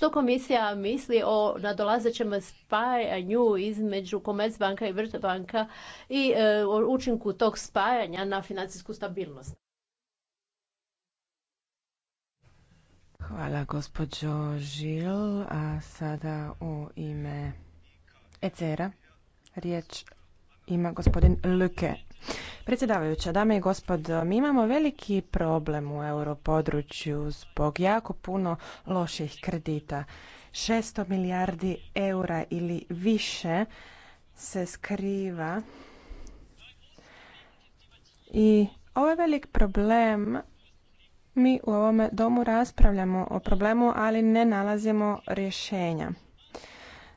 Što komisija misli o nadolazećem spajanju između Commerzbanka i Vrtbanka i e, o učinku tog spajanja na financijsku stabilnost? Hvala gospođo Žil. A sada u ime ecr riječ ima gospodin Luke. Predsjedavajuća, dame i gospodo, mi imamo veliki problem u europodručju zbog jako puno loših kredita. 600 milijardi eura ili više se skriva i ovaj velik problem mi u ovome domu raspravljamo o problemu, ali ne nalazimo rješenja.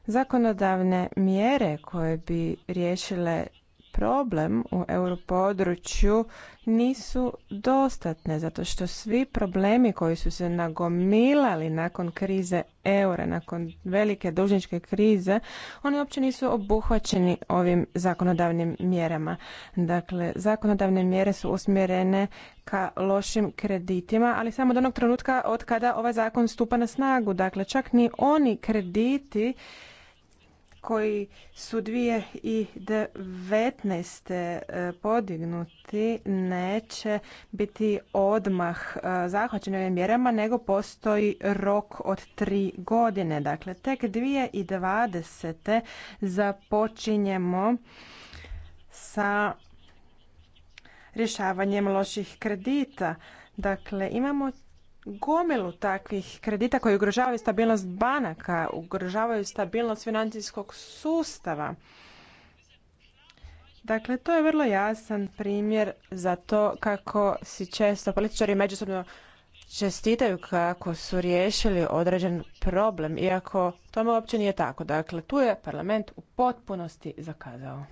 Zakonodavne mjere koje bi riješile problem u europodručju nisu dostatne zato što svi problemi koji su se nagomilali nakon krize eura, nakon velike dužničke krize, oni uopće nisu obuhvaćeni ovim zakonodavnim mjerama. Dakle, zakonodavne mjere su usmjerene ka lošim kreditima, ali samo do onog trenutka od kada ovaj zakon stupa na snagu. Dakle, čak ni oni krediti koji su 2019. E, podignuti neće biti odmah e, zahvaćeni ovim mjerama, nego postoji rok od tri godine. Dakle, tek 2020. započinjemo sa rješavanjem loših kredita. Dakle, imamo gomilu takvih kredita koji ugrožavaju stabilnost banaka, ugrožavaju stabilnost financijskog sustava. Dakle, to je vrlo jasan primjer za to kako si često političari međusobno čestitaju kako su riješili određen problem, iako tome uopće nije tako. Dakle, tu je parlament u potpunosti zakazao.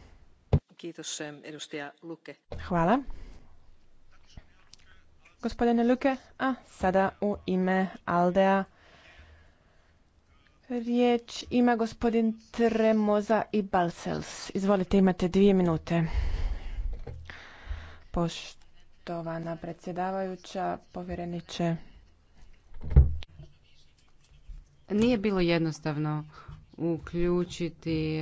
Eh, luke. Hvala gospodine Luke. A sada u ime Aldea riječ ima gospodin Tremoza i Balsels. Izvolite, imate dvije minute. Poštovana predsjedavajuća, povjereniče. Nije bilo jednostavno uključiti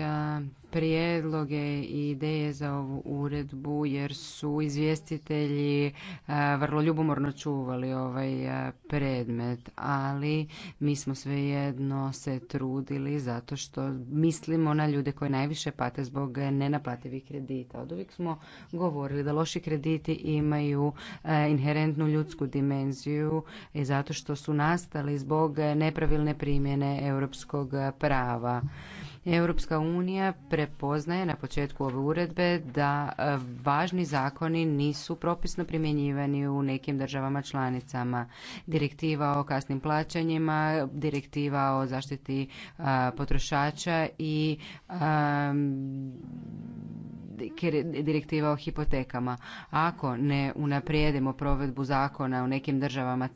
prijedloge i ideje za ovu uredbu jer su izvjestitelji vrlo ljubomorno čuvali ovaj predmet, ali mi smo svejedno se trudili zato što mislimo na ljude koji najviše pate zbog nenaplativih kredita. Od uvijek smo govorili da loši krediti imaju inherentnu ljudsku dimenziju i zato što su nastali zbog nepravilne primjene europskog prava Europska unija prepoznaje na početku ove uredbe da e, važni zakoni nisu propisno primjenjivani u nekim državama članicama. Direktiva o kasnim plaćanjima, direktiva o zaštiti e, potrošača i e, direktiva o hipotekama. Ako ne unaprijedimo provedbu zakona u nekim državama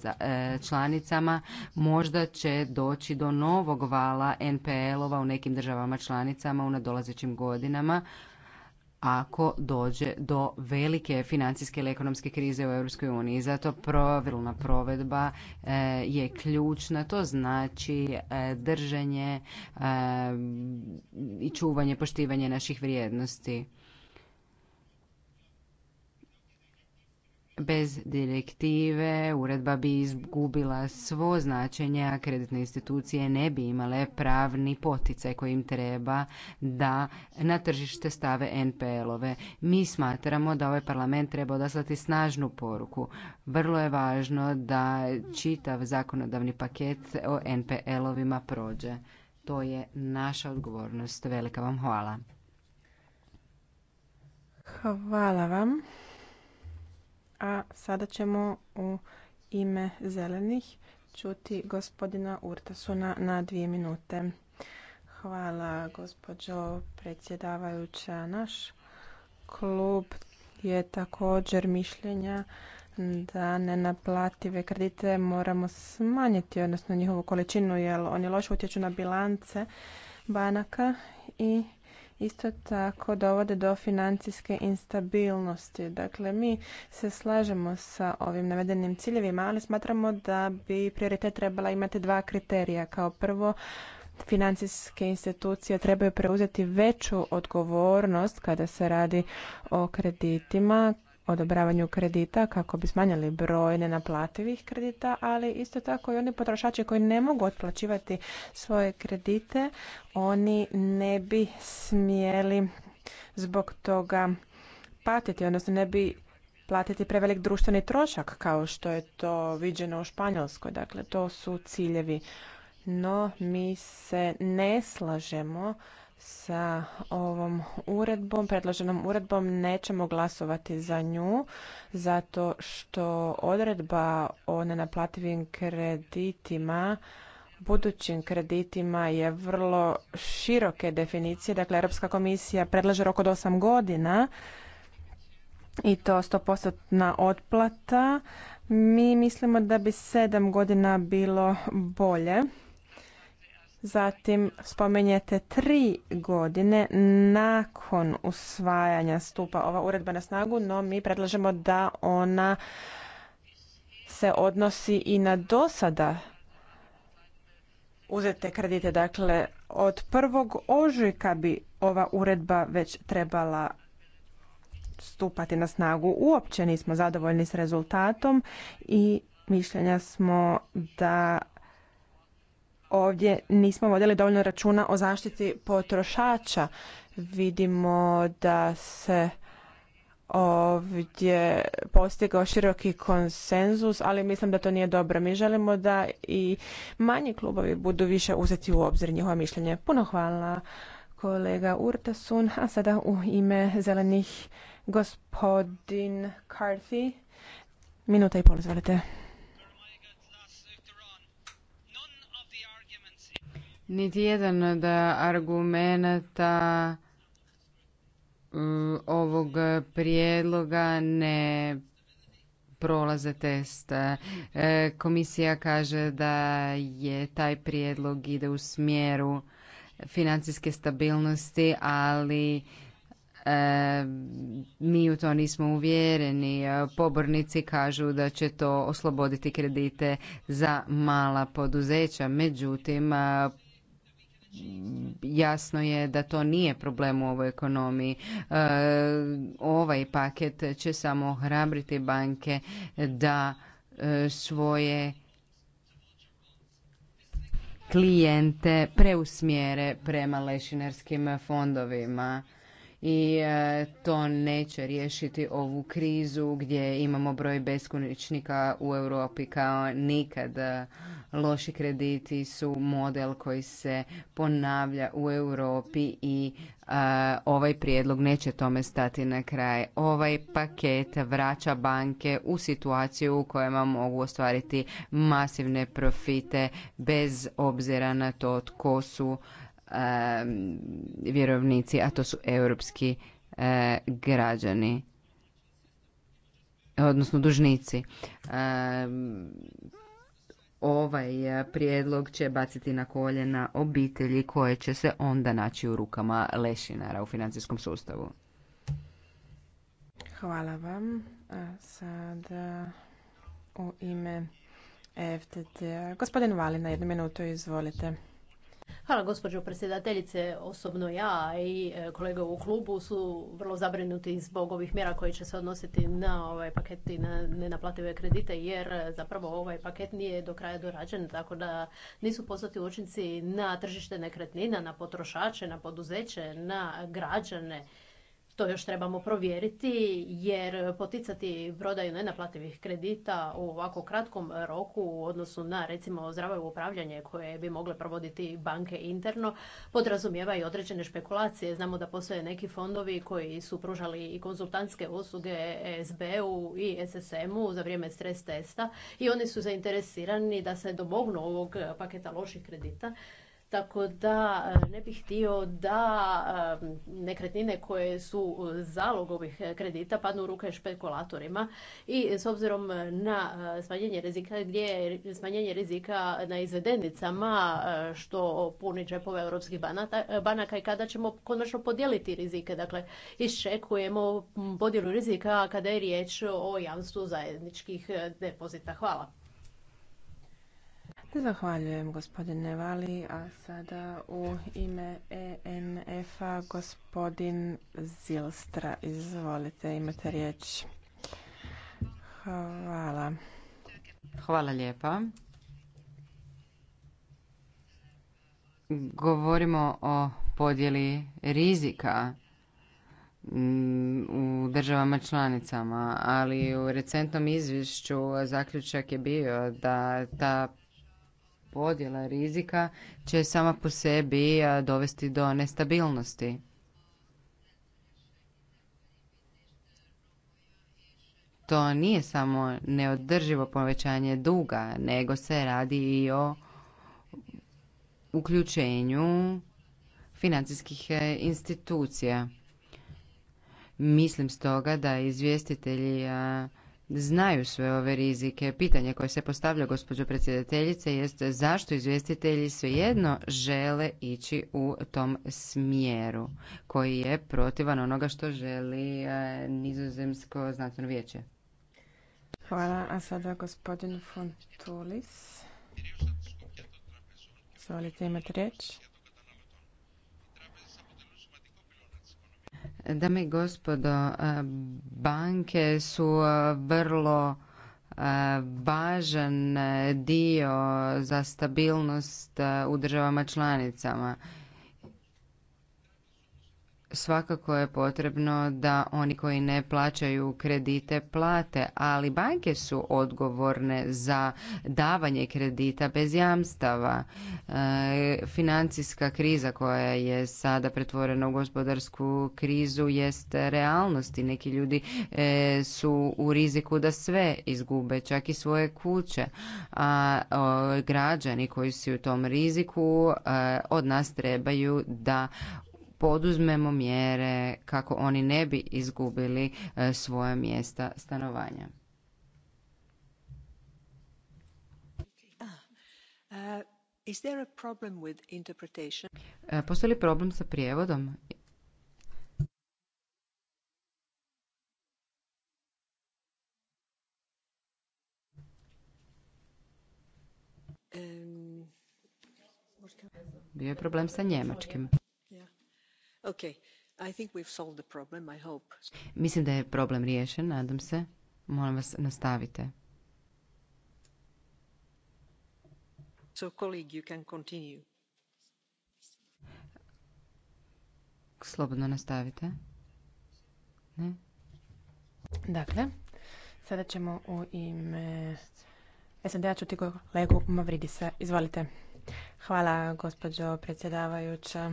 članicama, možda će doći do novog vala NPL-ova u nekim državama državama članicama u nadolazećim godinama ako dođe do velike financijske ili ekonomske krize u Europskoj uniji. Zato pravilna provedba e, je ključna, to znači e, držanje e, i čuvanje, poštivanje naših vrijednosti. Bez direktive uredba bi izgubila svo značenje, a kreditne institucije ne bi imale pravni poticaj kojim treba da na tržište stave NPL-ove. Mi smatramo da ovaj parlament treba odaslati snažnu poruku. Vrlo je važno da čitav zakonodavni paket o NPL-ovima prođe. To je naša odgovornost. Velika vam hvala. Hvala vam. A sada ćemo u ime zelenih čuti gospodina Urtasuna na dvije minute. Hvala gospođo predsjedavajuća. Naš klub je također mišljenja da nenaplative kredite moramo smanjiti, odnosno njihovu količinu, jer oni loše utječu na bilance banaka i isto tako dovode do financijske instabilnosti. Dakle, mi se slažemo sa ovim navedenim ciljevima, ali smatramo da bi prioritet trebala imati dva kriterija. Kao prvo, financijske institucije trebaju preuzeti veću odgovornost kada se radi o kreditima odobravanju kredita kako bi smanjili broj nenaplativih kredita, ali isto tako i oni potrošači koji ne mogu otplaćivati svoje kredite, oni ne bi smjeli zbog toga patiti, odnosno ne bi platiti prevelik društveni trošak kao što je to viđeno u Španjolskoj. Dakle, to su ciljevi. No, mi se ne slažemo sa ovom uredbom, predloženom uredbom nećemo glasovati za nju zato što odredba o nenaplativim kreditima budućim kreditima je vrlo široke definicije. Dakle, Europska komisija predlaže rok od 8 godina i to 100% otplata. Mi mislimo da bi 7 godina bilo bolje. Zatim spomenjete tri godine nakon usvajanja stupa ova uredba na snagu, no mi predlažemo da ona se odnosi i na dosada uzete kredite. Dakle, od prvog ožujka bi ova uredba već trebala stupati na snagu. Uopće nismo zadovoljni s rezultatom i mišljenja smo da ovdje nismo vodili dovoljno računa o zaštiti potrošača. Vidimo da se ovdje postigao široki konsenzus, ali mislim da to nije dobro. Mi želimo da i manji klubovi budu više uzeti u obzir njihova mišljenje. Puno hvala kolega Urtasun, a sada u ime zelenih gospodin Carthy. Minuta i pol, izvolite. Niti jedan od argumenta ovog prijedloga ne prolaze test. E, komisija kaže da je taj prijedlog ide u smjeru financijske stabilnosti, ali e, mi u to nismo uvjereni. Pobornici kažu da će to osloboditi kredite za mala poduzeća. Međutim, jasno je da to nije problem u ovoj ekonomiji. E, ovaj paket će samo hrabriti banke da e, svoje klijente preusmjere prema lešinarskim fondovima i e, to neće riješiti ovu krizu gdje imamo broj beskućnika u Europi kao nikad Loši krediti su model koji se ponavlja u Europi i ovaj prijedlog neće tome stati na kraj. Ovaj paket vraća banke u situaciju u kojima mogu ostvariti masivne profite bez obzira na to tko su vjerovnici, a to su europski građani odnosno dužnici ovaj e, prijedlog će baciti na koljena obitelji koje će se onda naći u rukama lešinara u financijskom sustavu. Hvala vam. sada u ime FTT. Gospodin Valina, jednu minutu, izvolite. Hvala gospođo predsjedateljice. Osobno ja i e, kolege u klubu su vrlo zabrinuti zbog ovih mjera koje će se odnositi na ovaj paket i na nenaplative kredite jer e, zapravo ovaj paket nije do kraja dorađen tako da nisu poznati učinci na tržište nekretnina, na potrošače, na poduzeće, na građane to još trebamo provjeriti jer poticati prodaju nenaplativih kredita u ovako kratkom roku u odnosu na recimo zdravo upravljanje koje bi mogle provoditi banke interno podrazumijeva i određene špekulacije. Znamo da postoje neki fondovi koji su pružali i konzultantske usluge SBU u i SSM-u za vrijeme stres testa i oni su zainteresirani da se domognu ovog paketa loših kredita tako da e, ne bih htio da e, nekretnine koje su zalog ovih kredita padnu u ruke špekulatorima i s obzirom na e, smanjenje rizika gdje je smanjenje rizika na izvedenicama što puni džepove europskih banaka i kada ćemo konačno podijeliti rizike. Dakle, iščekujemo podjelu rizika kada je riječ o jamstvu zajedničkih depozita. Hvala. Zahvaljujem gospodine Vali, a sada u ime ENF-a gospodin Zilstra. Izvolite, imate riječ. Hvala. Hvala lijepa. Govorimo o podjeli rizika mm, u državama članicama, ali u recentnom izvješću zaključak je bio da ta podjela rizika će sama po sebi dovesti do nestabilnosti. To nije samo neodrživo povećanje duga, nego se radi i o uključenju financijskih e, institucija. Mislim stoga da izvjestitelji znaju sve ove rizike. Pitanje koje se postavlja gospođo predsjedateljice jest zašto izvjestitelji svejedno žele ići u tom smjeru koji je protivan onoga što želi e, nizozemsko znanstveno vijeće. Hvala, a sada gospodin Fontulis. Izvolite, imati riječ. Dame i gospodo, e, banke su e, vrlo e, važan dio za stabilnost u državama članicama svakako je potrebno da oni koji ne plaćaju kredite plate, ali banke su odgovorne za davanje kredita bez jamstava. E, financijska kriza koja je sada pretvorena u gospodarsku krizu jest realnost i neki ljudi e, su u riziku da sve izgube, čak i svoje kuće. A građani koji su u tom riziku e, od nas trebaju da poduzmemo mjere kako oni ne bi izgubili e, svoja mjesta stanovanja. Ah, is there a problem with interpretation? E, postoji li problem sa prijevodom? Bio je problem sa njemačkim problem, Mislim da je problem riješen, nadam se. Molim vas, nastavite. Slobodno nastavite. Ne? Dakle, sada ćemo u ime SND-a čuti kolegu Mavridisa. Izvolite. Hvala, gospođo predsjedavajuća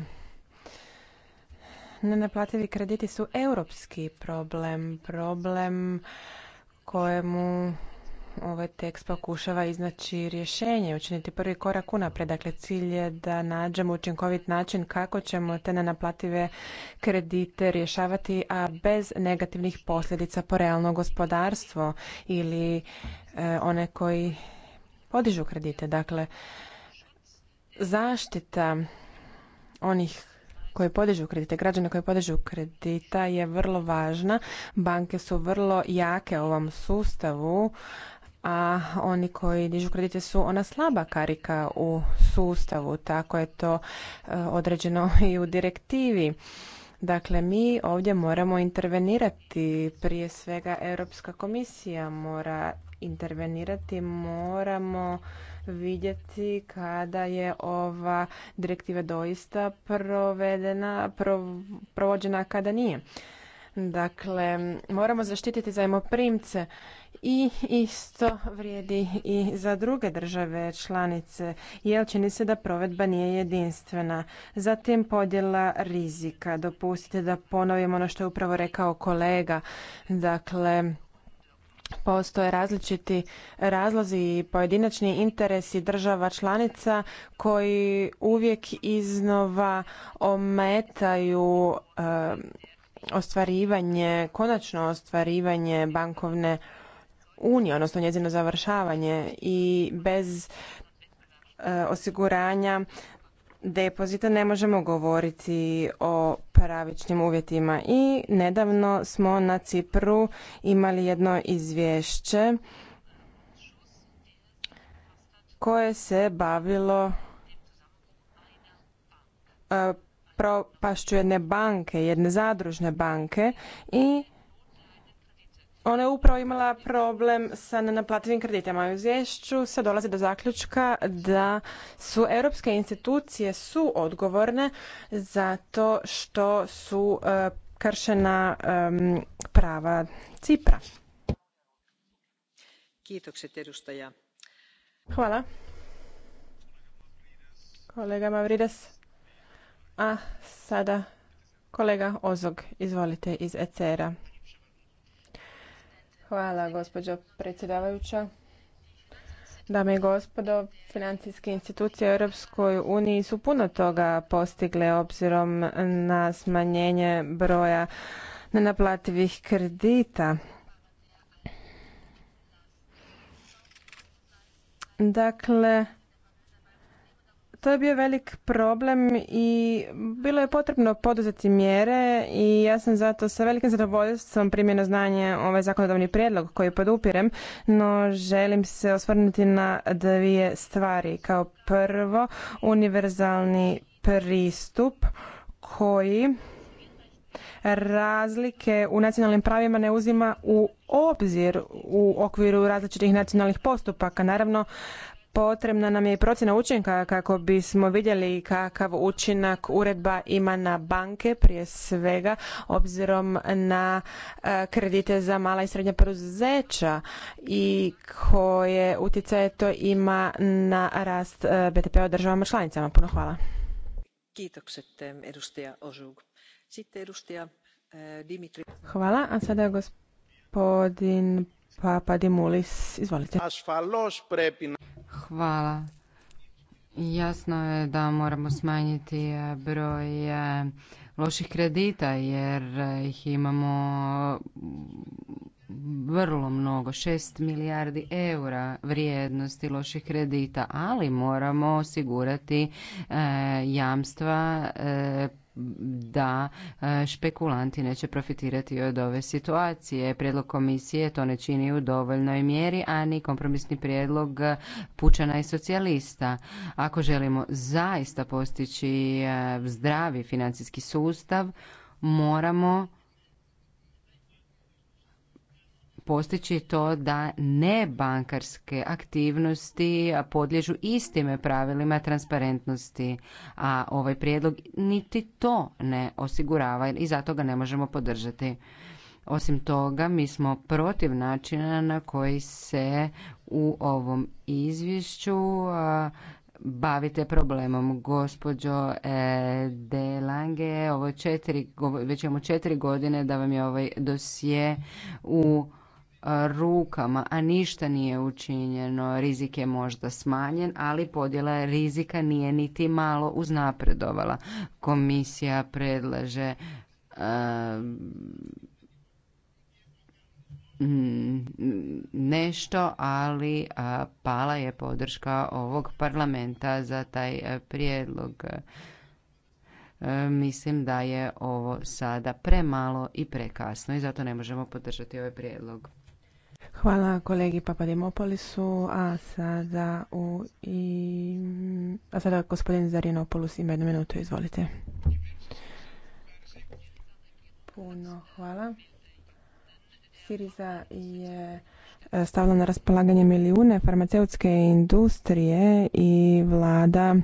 nenaplativi krediti su europski problem, problem kojemu ovaj tekst pokušava iznaći rješenje, učiniti prvi korak unaprijed. Dakle, cilj je da nađemo učinkovit način kako ćemo te nenaplative kredite rješavati, a bez negativnih posljedica po realno gospodarstvo ili e, one koji podižu kredite. Dakle, zaštita onih koje podižu kredite, građane koji podižu kredita je vrlo važna. Banke su vrlo jake u ovom sustavu, a oni koji dižu kredite su ona slaba karika u sustavu, tako je to e, određeno i u direktivi. Dakle, mi ovdje moramo intervenirati, prije svega Europska komisija mora intervenirati, moramo vidjeti kada je ova direktiva doista provedena, provođena, kada nije. Dakle, moramo zaštititi zajmoprimce i isto vrijedi i za druge države članice, jer čini se da provedba nije jedinstvena. Zatim podjela rizika. Dopustite da ponovim ono što je upravo rekao kolega. Dakle, postoje različiti razlozi i pojedinačni interesi država članica koji uvijek iznova ometaju eh, ostvarivanje konačno ostvarivanje bankovne unije odnosno njezino završavanje i bez eh, osiguranja depozita ne možemo govoriti o pravičnim uvjetima i nedavno smo na Cipru imali jedno izvješće koje se bavilo e, propašću jedne banke, jedne zadružne banke i ona je upravo imala problem sa nenaplativim kreditima. U izvješću se dolazi do zaključka da su europske institucije su odgovorne to što su e, kršena prava Cipra. Hvala. Kolega Mavrides. A sada kolega Ozog, izvolite iz ECR-a. Hvala gospođo predsjedavajuća. Dame i gospodo, financijske institucije u Europskoj uniji su puno toga postigle obzirom na smanjenje broja nenaplativih kredita. Dakle, to je bio velik problem i bilo je potrebno poduzeti mjere i ja sam zato sa velikim zadovoljstvom primjeno znanje ovaj zakonodavni prijedlog koji podupirem, no želim se osvrnuti na dvije stvari. Kao prvo, univerzalni pristup koji razlike u nacionalnim pravima ne uzima u obzir u okviru različitih nacionalnih postupaka. Naravno, Potrebna nam je i procjena učinka kako bismo vidjeli kakav učinak uredba ima na banke prije svega obzirom na e, kredite za mala i srednja poduzeća i koje utjecaje to ima na rast e, bdp p-a u državama članicama. Puno hvala. E, hvala, a sada gospodin Papadimulis, izvolite. Hvala. Jasno je da moramo smanjiti eh, broj eh, loših kredita jer eh, ih imamo mm, vrlo mnogo, 6 milijardi eura vrijednosti loših kredita, ali moramo osigurati jamstva da e, špekulanti neće profitirati od ove situacije. Prijedlog komisije to ne čini u dovoljnoj mjeri, a ni kompromisni prijedlog pučana i socijalista. Ako želimo zaista postići e, zdravi financijski sustav, moramo postići to da ne bankarske aktivnosti podliježu istim pravilima transparentnosti, a ovaj prijedlog niti to ne osigurava i zato ga ne možemo podržati. Osim toga, mi smo protiv načina na koji se u ovom izvješću bavite problemom. Gospođo e, De Lange, ovo četiri, već imamo četiri godine da vam je ovaj dosje u rukama, a ništa nije učinjeno. Rizik je možda smanjen, ali podjela rizika nije niti malo uznapredovala. Komisija predlaže nešto, ali pala je podrška ovog parlamenta za taj e, prijedlog. E, mislim da je ovo sada premalo i prekasno i zato ne možemo podržati ovaj prijedlog. Hvala kolegi Papadimopolisu, a sada u i... A sada gospodin Zarinopoulos ima jednu minutu, izvolite. Puno hvala. Siriza je e, stavila na raspolaganje milijune farmaceutske industrije i vlada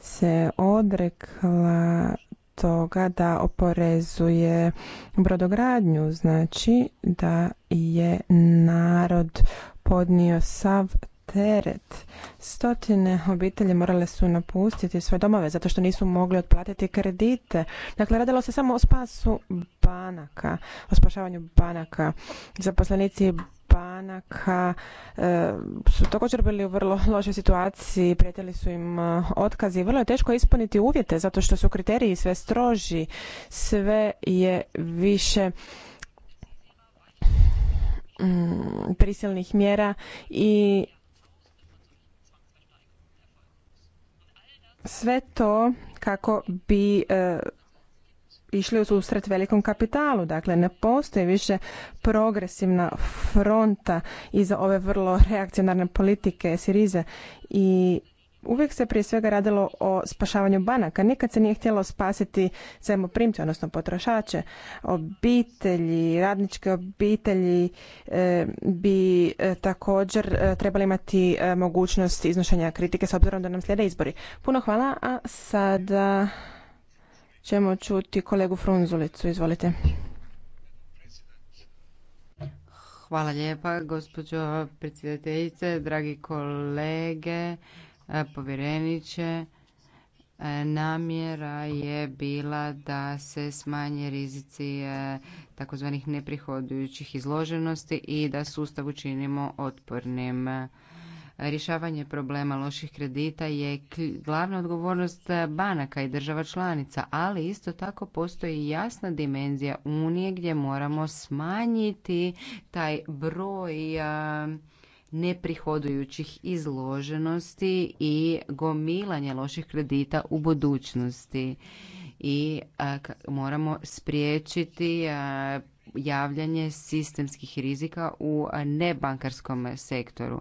se odrekla toga da oporezuje brodogradnju, znači da je narod podnio sav teret. Stotine obitelji morale su napustiti svoje domove zato što nisu mogli otplatiti kredite. Dakle, radilo se samo o spasu banaka, o spašavanju banaka. Zaposlenici banaka e, su također bili u vrlo lošoj situaciji, prijetili su im e, otkazi. Vrlo je teško ispuniti uvjete zato što su kriteriji sve stroži, sve je više mm, prisilnih mjera i sve to kako bi e, išli u susret velikom kapitalu. Dakle, ne postoji više progresivna fronta iza ove vrlo reakcionarne politike Sirize i uvijek se prije svega radilo o spašavanju banaka. Nikad se nije htjelo spasiti zajmoprimce, odnosno potrošače. Obitelji, radničke obitelji eh, bi eh, također e, trebali imati mogućnost iznošenja kritike s obzirom da nam slijede izbori. Puno hvala, a sada ćemo čuti kolegu Frunzulicu. Izvolite. Hvala lijepa, gospođo predsjedateljice, dragi kolege, e, povjereniče. E, namjera je bila da se smanje rizici e, takozvanih neprihodujućih izloženosti i da sustav učinimo otpornim. Rješavanje problema loših kredita je glavna odgovornost eh, banaka i država članica, ali isto tako postoji jasna dimenzija Unije gdje moramo smanjiti taj broj eh, neprihodujućih izloženosti i gomilanje loših kredita u budućnosti. I eh, moramo spriječiti javljanje sistemskih rizika u nebankarskom sektoru.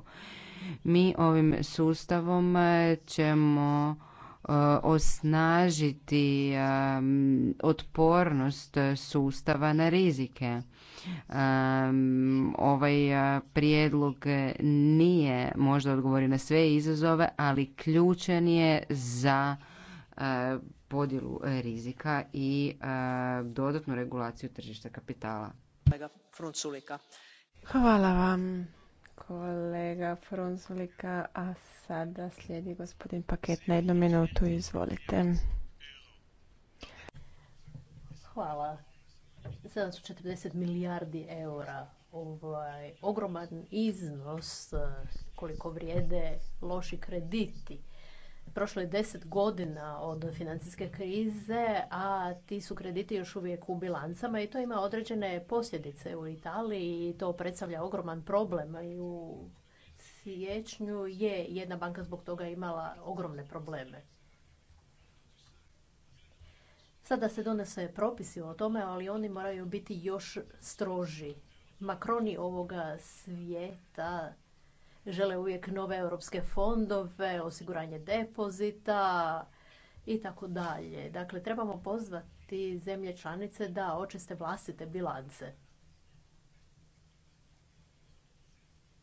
Mi ovim sustavom e, ćemo e, osnažiti e, otpornost sustava na rizike. Ovaj prijedlog nije možda odgovori na sve izazove, ali ključan je za podjelu rizika i dodatnu regulaciju tržišta kapitala. Hvala vam kolega Frunzulika, a sada slijedi gospodin Paket na jednu minutu, izvolite. Hvala. 740 milijardi eura ovaj ogroman iznos koliko vrijede loši krediti prošlo je deset godina od financijske krize, a ti su krediti još uvijek u bilancama i to ima određene posljedice u Italiji i to predstavlja ogroman problem i u siječnju je jedna banka zbog toga imala ogromne probleme. Sada se donese propisi o tome, ali oni moraju biti još stroži. Makroni ovoga svijeta žele uvijek nove europske fondove, osiguranje depozita i tako dalje. Dakle, trebamo pozvati zemlje članice da očiste vlastite bilance.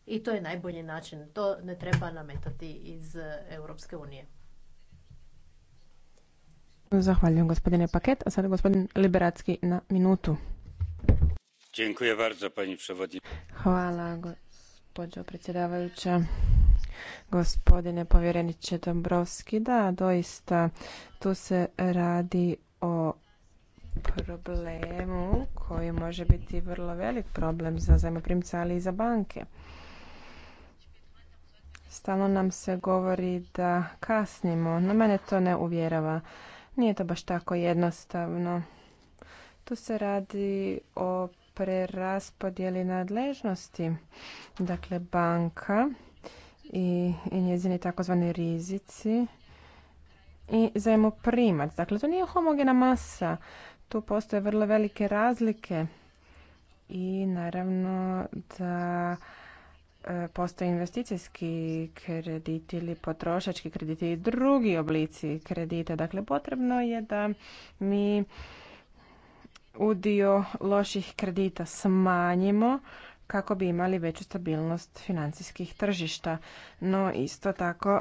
I to je najbolji način. To ne treba nametati iz Europske unije. Zahvaljujem gospodine Paket, a sada gospodin Liberacki na minutu. Dziękuję bardzo pani przewodnicząca. Hvala gospođo predsjedavajuća gospodine povjereniče dombrovski da doista tu se radi o problemu koji može biti vrlo velik problem za zajmoprimca ali i za banke stalno nam se govori da kasnimo no mene to ne uvjerava nije to baš tako jednostavno tu se radi o preraspodjeli nadležnosti. Dakle, banka i, njezini takozvani rizici i zajmoprimac. Dakle, to nije homogena masa. Tu postoje vrlo velike razlike i naravno da e, postoje investicijski krediti ili potrošački krediti i drugi oblici kredita. Dakle, potrebno je da mi udio loših kredita smanjimo kako bi imali veću stabilnost financijskih tržišta. No isto tako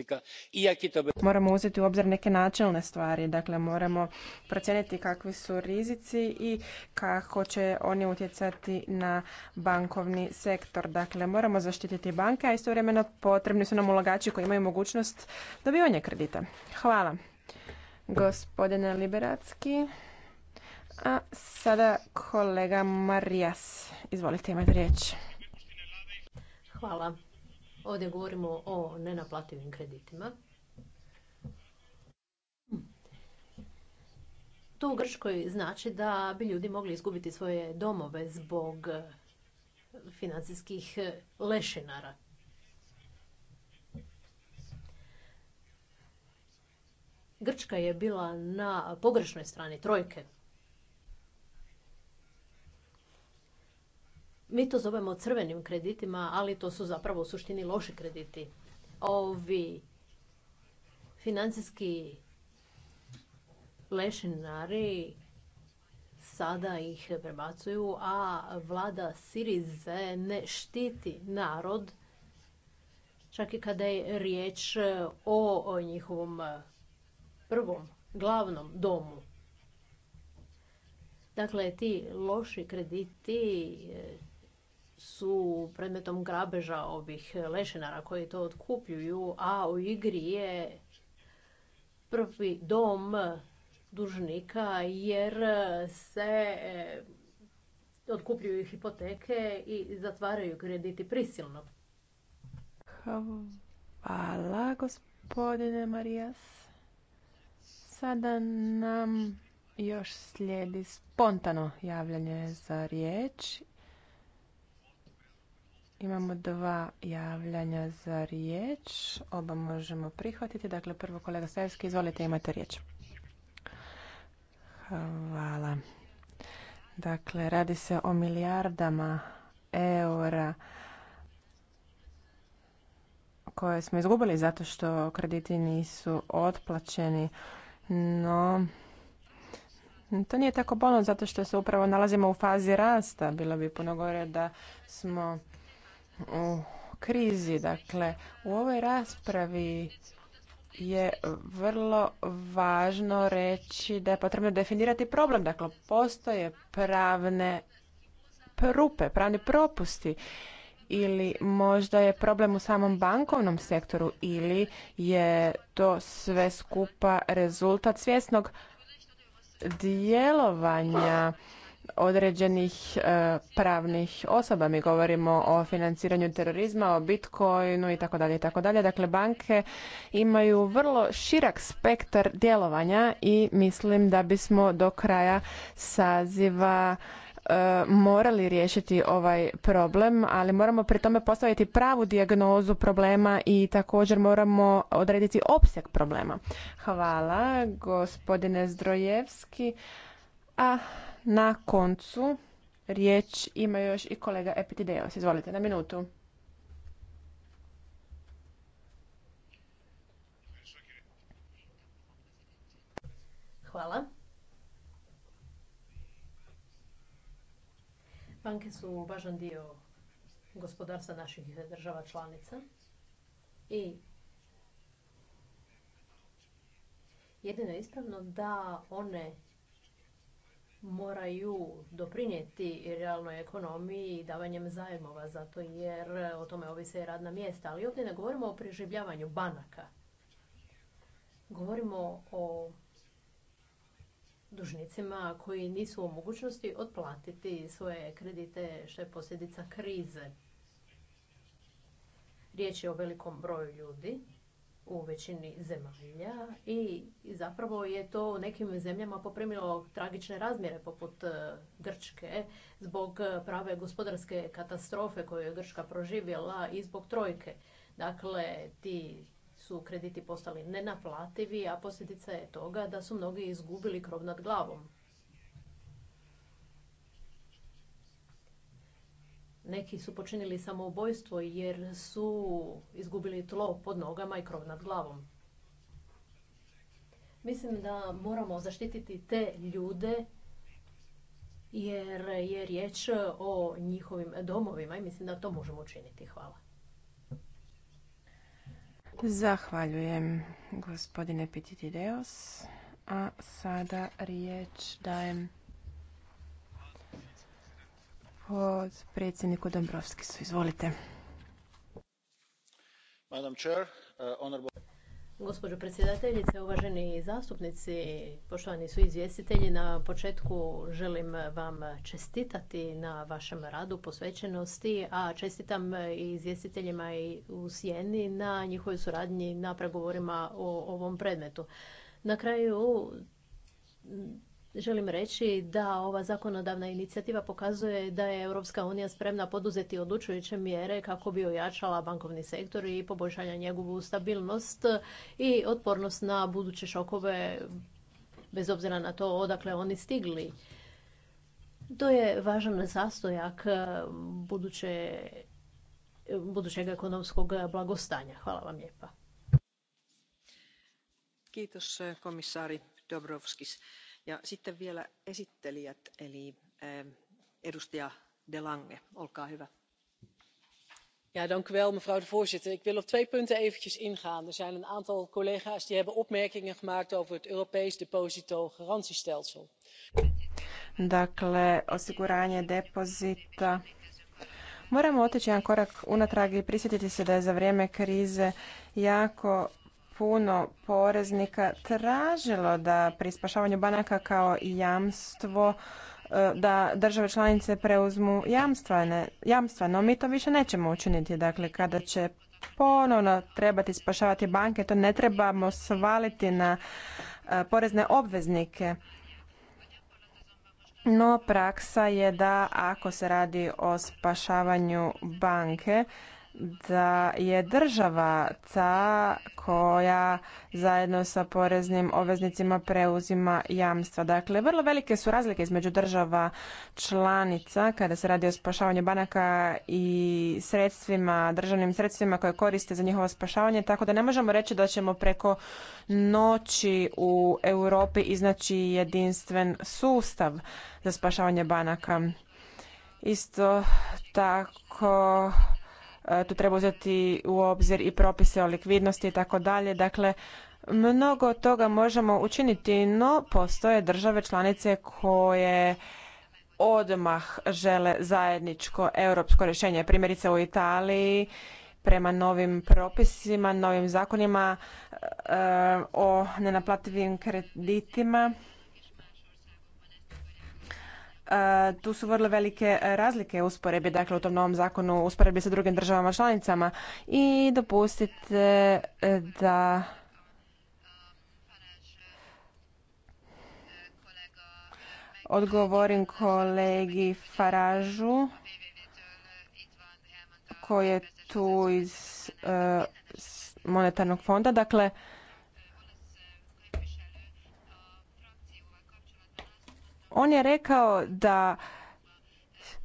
moramo uzeti u obzir neke načelne stvari, dakle moramo procijeniti kakvi su rizici i kako će oni utjecati na bankovni sektor. Dakle moramo zaštititi banke, a istovremeno potrebni su nam ulagači koji imaju mogućnost dobivanja kredita. Hvala. Gospodine Liberacki. A sada kolega Marijas. Izvolite, imati riječ. Hvala. Ovdje govorimo o nenaplativim kreditima. To u Grčkoj znači da bi ljudi mogli izgubiti svoje domove zbog financijskih lešinara. Grčka je bila na pogrešnoj strani trojke Mi to zovemo crvenim kreditima, ali to su zapravo u suštini loši krediti. Ovi financijski lešinari sada ih prebacuju, a vlada Sirize ne štiti narod, čak i kada je riječ o njihovom prvom, glavnom domu. Dakle, ti loši krediti su predmetom grabeža ovih lešenara koji to otkupljuju, a u igri je prvi dom dužnika jer se e, otkupljuju hipoteke i zatvaraju krediti prisilno. Hvala gospodine Marijas. Sada nam još slijedi spontano javljanje za riječ Imamo dva javljanja za riječ. Oba možemo prihvatiti. Dakle, prvo kolega Sajevski, izvolite, imate riječ. Hvala. Dakle, radi se o milijardama eura koje smo izgubili zato što krediti nisu otplaćeni, no to nije tako bolno zato što se upravo nalazimo u fazi rasta. Bilo bi puno gore da smo u krizi. Dakle, u ovoj raspravi je vrlo važno reći da je potrebno definirati problem. Dakle, postoje pravne rupe, pravni propusti ili možda je problem u samom bankovnom sektoru ili je to sve skupa rezultat svjesnog djelovanja određenih e, pravnih osoba. Mi govorimo o financiranju terorizma, o bitcoinu i tako dalje i tako dalje. Dakle, banke imaju vrlo širak spektar djelovanja i mislim da bismo do kraja saziva e, morali riješiti ovaj problem, ali moramo pri tome postaviti pravu dijagnozu problema i također moramo odrediti opseg problema. Hvala, gospodine Zdrojevski. A na koncu riječ ima još i kolega Epitideos. Izvolite, na minutu. Hvala. Banke su važan dio gospodarstva naših država članica i jedino je ispravno da one moraju doprinijeti realnoj ekonomiji i davanjem zajmova, zato jer o tome ovise i radna mjesta. Ali ovdje ne govorimo o preživljavanju banaka. Govorimo o dužnicima koji nisu u mogućnosti otplatiti svoje kredite što je posljedica krize. Riječ je o velikom broju ljudi u većini zemalja i zapravo je to u nekim zemljama poprimilo tragične razmjere poput e, Grčke zbog e, prave gospodarske katastrofe koju je Grčka proživjela i zbog trojke. Dakle, ti su krediti postali nenaplativi, a posljedica je toga da su mnogi izgubili krov nad glavom. Neki su počinili samoubojstvo jer su izgubili tlo pod nogama i krov nad glavom. Mislim da moramo zaštititi te ljude jer je riječ o njihovim domovima i mislim da to možemo učiniti. Hvala. Zahvaljujem gospodine Petitideos. A sada riječ dajem potpredsjedniku Dombrovskisu. Izvolite. Uh, Gospođo predsjedateljice, uvaženi zastupnici, poštovani su izvjestitelji, na početku želim vam čestitati na vašem radu posvećenosti, a čestitam i izvjestiteljima i u Sjeni na njihovoj suradnji na pregovorima o ovom predmetu. Na kraju Želim reći da ova zakonodavna inicijativa pokazuje da je Europska unija spremna poduzeti odlučujuće mjere kako bi ojačala bankovni sektor i poboljšanja njegovu stabilnost i otpornost na buduće šokove bez obzira na to odakle oni stigli. To je važan sastojak e, buduće, budućeg ekonomskog blagostanja. Hvala vam lijepa. Kiitos e, komisari Dobrovskis ja sitten vielä esittelijät eli ähm, edustaja de lange olkaa hyvä. voorzitter ik wil op twee punten eventjes ingaan. er zijn een aantal collega's die hebben opmerkingen gemaakt over het europees depositogarantiestelsel. dakle osiguranje depozita moramo otići jedan korak unatrag i prisjetiti se da je za vrijeme krize jako puno poreznika tražilo da pri spašavanju banaka kao jamstvo e, da države članice preuzmu jamstva, no mi to više nećemo učiniti. Dakle, kada će ponovno trebati spašavati banke, to ne trebamo svaliti na e, porezne obveznike. No praksa je da ako se radi o spašavanju banke, da je država ta koja zajedno sa poreznim obveznicima preuzima jamstva. Dakle, vrlo velike su razlike između država članica kada se radi o spašavanju banaka i sredstvima, državnim sredstvima koje koriste za njihovo spašavanje, tako da ne možemo reći da ćemo preko noći u Europi iznaći jedinstven sustav za spašavanje banaka. Isto tako tu treba uzeti u obzir i propise o likvidnosti i tako dalje. Dakle, mnogo toga možemo učiniti, no postoje države članice koje odmah žele zajedničko europsko rješenje. Primjerice u Italiji prema novim propisima, novim zakonima e, o nenaplativim kreditima E, tu su vrlo velike e, razlike usporedbi, dakle u tom novom zakonu usporedbi sa drugim državama članicama i dopustite e, da odgovorim kolegi Faražu koji je tu iz monetarnog fonda. Dakle, On je rekao da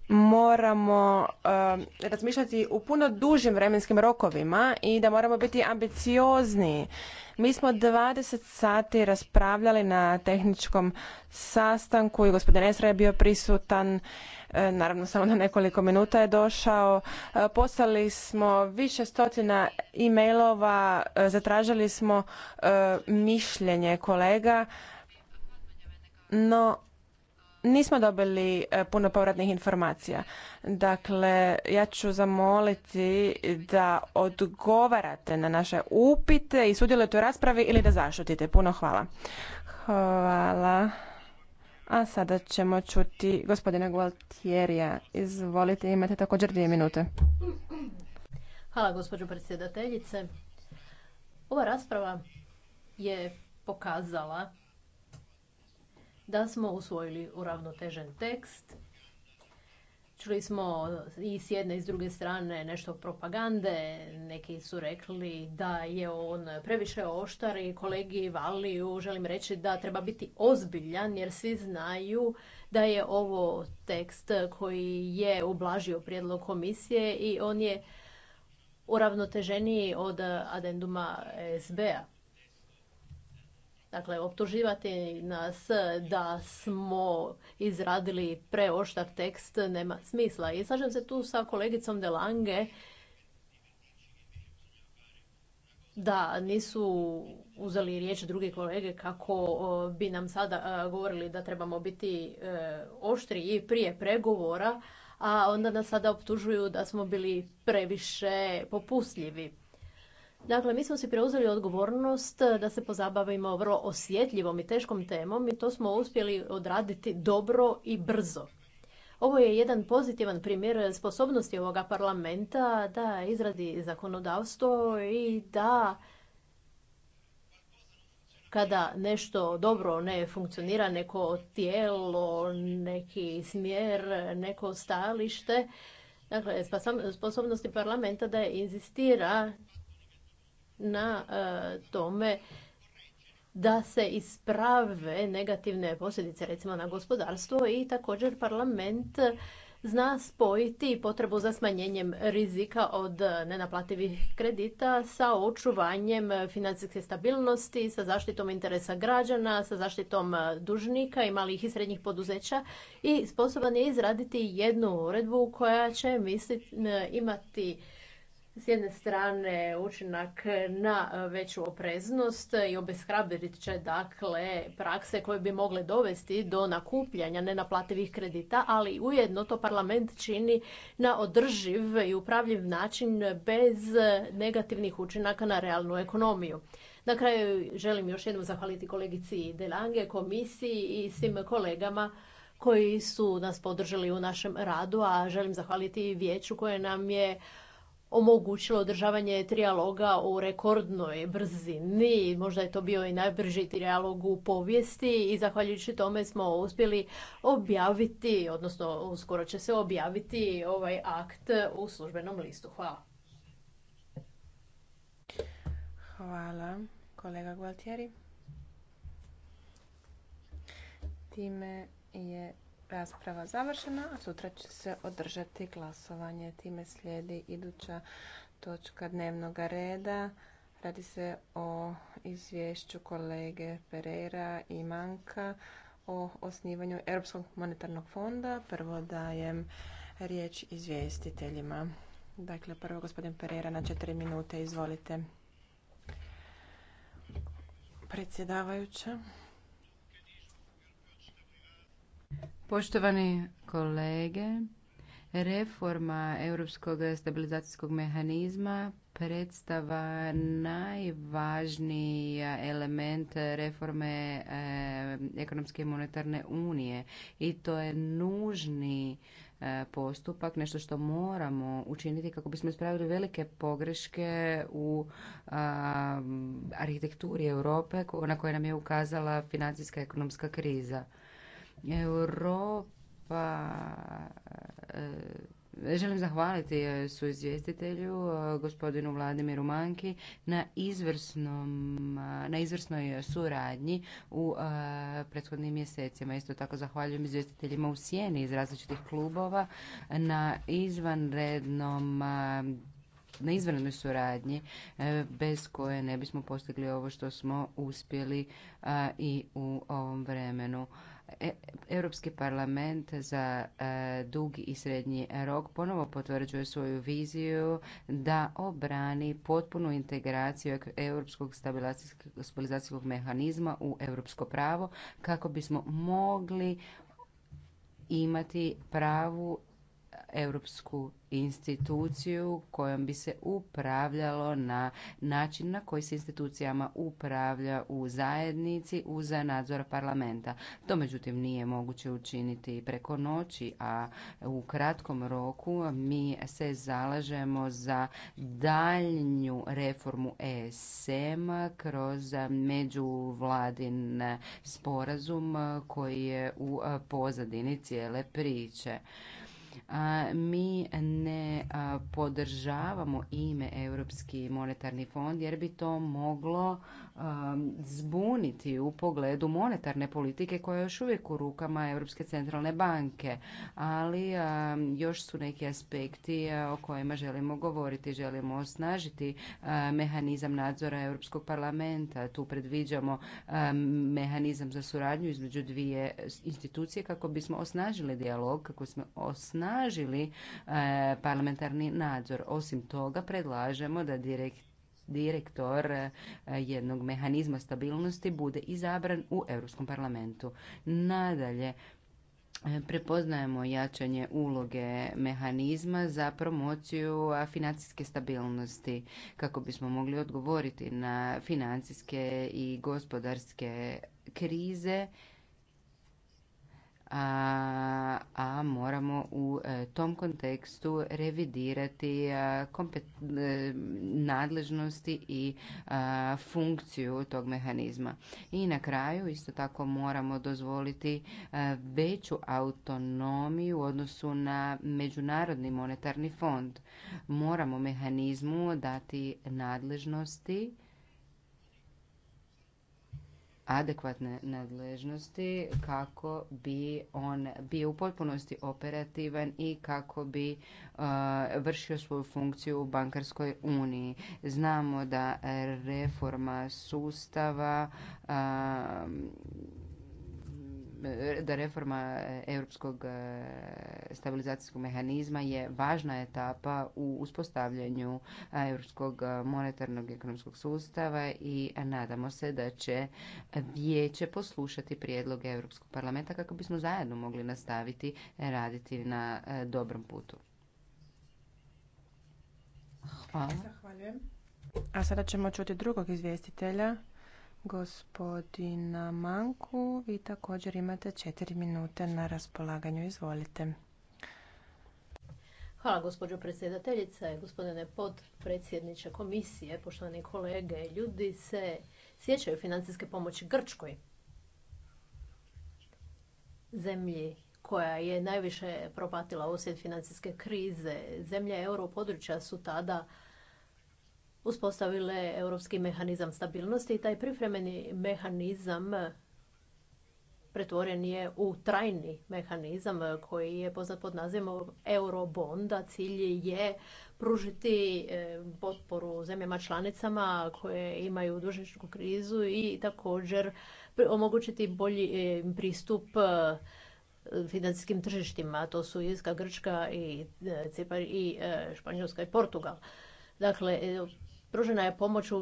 moramo um, razmišljati u puno dužim vremenskim rokovima i da moramo biti ambiciozni. Mi smo 20 sati raspravljali na tehničkom sastanku i gospodin Esra je bio prisutan e, naravno samo na nekoliko minuta je došao. E, poslali smo više stotina e-mailova, e, zatražili smo mišljenje kolega, no nismo dobili e, puno povratnih informacija. Dakle, ja ću zamoliti da odgovarate na naše upite i sudjelujete u raspravi ili da zašutite. Puno hvala. Hvala. A sada ćemo čuti gospodina Gualtierija. Izvolite, imate također dvije minute. Hvala gospođo predsjedateljice. Ova rasprava je pokazala da smo usvojili uravnotežen tekst. Čuli smo i s jedne i s druge strane nešto propagande. Neki su rekli da je on previše oštar i kolegi Valiju želim reći da treba biti ozbiljan jer svi znaju da je ovo tekst koji je ublažio prijedlog komisije i on je uravnoteženiji od adenduma SB-a. Dakle, optuživati nas da smo izradili preoštar tekst nema smisla. I slažem se tu sa kolegicom Delange da nisu uzeli riječ drugi kolege kako bi nam sada govorili da trebamo biti e, i prije pregovora, a onda nas sada optužuju da smo bili previše popustljivi. Dakle, mi smo si preuzeli odgovornost eh, da se pozabavimo vrlo osjetljivom i teškom temom i to smo uspjeli odraditi dobro i brzo. Ovo je jedan pozitivan primjer sposobnosti ovoga parlamenta da izradi zakonodavstvo i da kada nešto dobro ne funkcionira, neko tijelo, neki smjer, neko stajalište, dakle, sposobnosti parlamenta da inzistira na e, tome da se isprave negativne posljedice recimo na gospodarstvo i također parlament zna spojiti potrebu za smanjenjem rizika od nenaplativih kredita sa očuvanjem financijske stabilnosti, sa zaštitom interesa građana, sa zaštitom e, dužnika i malih i srednjih poduzeća i sposoban je izraditi jednu uredbu koja će mislim e, imati s jedne strane učinak na veću opreznost i obeshrabrit će dakle prakse koje bi mogle dovesti do nakupljanja nenaplativih kredita, ali ujedno to parlament čini na održiv i upravljiv način bez negativnih učinaka na realnu ekonomiju. Na kraju želim još jednom zahvaliti kolegici Delange, komisiji i svim kolegama koji su nas podržali u našem radu, a želim zahvaliti i vijeću koje nam je omogućilo održavanje trijaloga u rekordnoj brzini. Možda je to bio i najbrži trijalog u povijesti i zahvaljujući tome smo uspjeli objaviti, odnosno uskoro će se objaviti ovaj akt u službenom listu. Hvala. Hvala, kolega Gualtieri. Time je rasprava završena, a sutra će se održati glasovanje. Time slijedi iduća točka dnevnog reda. Radi se o izvješću kolege Pereira i Manka o osnivanju Europskog monetarnog fonda. Prvo dajem riječ izvjestiteljima. Dakle, prvo gospodin Pereira na četiri minute. Izvolite. Predsjedavajuća. Poštovani kolege, reforma Europskog stabilizacijskog mehanizma predstava najvažniji element reforme eh, ekonomske i monetarne unije i to je nužni eh, postupak, nešto što moramo učiniti kako bismo ispravili velike pogreške u eh, arhitekturi Europe na koje nam je ukazala financijska ekonomska kriza. Europa e, Želim zahvaliti e, su izvjestitelju, e, gospodinu Vladimiru Manki, na, izvrsnom, na izvrsnoj suradnji u prethodnim mjesecima. Isto tako zahvaljujem izvjestiteljima u sjeni iz različitih klubova na izvanrednom na izvanrednoj suradnji bez koje ne bismo postigli ovo što smo uspjeli i u ovom vremenu. E... Europski parlament za e, dugi i srednji rok ponovo potvrđuje svoju viziju da obrani potpunu integraciju europskog stabilizacijskog mehanizma u europsko pravo kako bismo mogli imati pravu europsku instituciju kojom bi se upravljalo na način na koji se institucijama upravlja u zajednici uz nadzor parlamenta. To međutim nije moguće učiniti preko noći, a u kratkom roku mi se zalažemo za daljnju reformu esm e kroz međuvladin sporazum koji je u pozadini cijele priče. Mi ne podržavamo ime Europski monetarni fond jer bi to moglo zbuniti u pogledu monetarne politike koja je još uvijek u rukama Europske centralne banke, ali još su neki aspekti e, o kojima želimo govoriti. Želimo osnažiti e, mehanizam nadzora Europskog parlamenta. Tu predviđamo e, mehanizam za suradnju između dvije institucije kako bismo osnažili dijalog, kako smo osnažili parlamentarni nadzor. Osim toga predlažemo da direkt direktor e, jednog mehanizma stabilnosti bude izabran u Europskom parlamentu. Nadalje, e, prepoznajemo jačanje uloge mehanizma za promociju financijske stabilnosti kako bismo mogli odgovoriti na financijske i gospodarske krize a, a moramo u e, tom kontekstu revidirati e, e, nadležnosti i funkciju tog mehanizma. I na kraju isto tako moramo dozvoliti veću autonomiju u odnosu na Međunarodni monetarni fond. Moramo mehanizmu dati nadležnosti adekvatne nadležnosti kako bi on bio u potpunosti operativan i kako bi e, vršio svoju funkciju u bankarskoj uniji. Znamo da reforma sustava e, da reforma europskog e, stabilizacijskog mehanizma je važna etapa u uspostavljanju e, europskog e, monetarnog i ekonomskog sustava i nadamo se da će vijeće poslušati prijedloge Europskog parlamenta kako bismo zajedno mogli nastaviti raditi na dobrom putu. Hvala. Zahvaljujem. A sada ćemo čuti drugog izvjestitelja, gospodina Manku. Vi također imate četiri minute na raspolaganju. Izvolite. Hvala gospođo predsjedateljice, gospodine podpredsjedniče komisije, poštovani kolege. Ljudi se sjećaju financijske pomoći Grčkoj, zemlji koja je najviše propatila uslijed financijske krize. Zemlje europodručja su tada uspostavile europski mehanizam stabilnosti i taj privremeni mehanizam pretvoren je u trajni mehanizam koji je poznat pod nazivom eurobonda. Cilj je pružiti e, potporu zemljama članicama koje imaju dužničku krizu i također omogućiti bolji e, pristup e, financijskim tržištima. To su Irska, Grčka i Cipar i Španjolska i Portugal. Dakle, Pružena je pomoć u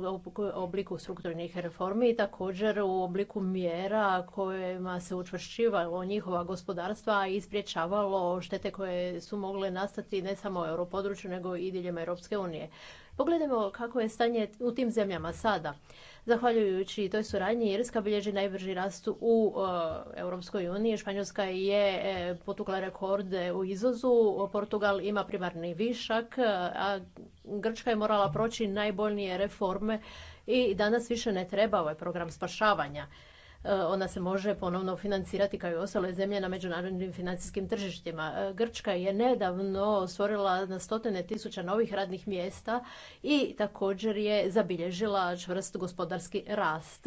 obliku strukturnih reformi i također u obliku mjera kojima se učvršćivalo njihova gospodarstva i ispriječavalo štete koje su mogle nastati ne samo u europodručju nego i diljem Europske unije. Pogledajmo kako je stanje u tim zemljama sada. Zahvaljujući toj suradnji Irska bilježi najbrži rast u e, Europskoj uniji. Španjolska je e, potukla rekorde u izvozu, Portugal ima primarni višak, e, a Grčka je morala proći najboljnije reforme i danas više ne treba ovaj program spašavanja. E, ona se može ponovno financirati kao i ostale zemlje na međunarodnim financijskim tržištima. E, Grčka je nedavno stvorila na stotine tisuća novih radnih mjesta i također je zabilježila čvrst gospodarski rast.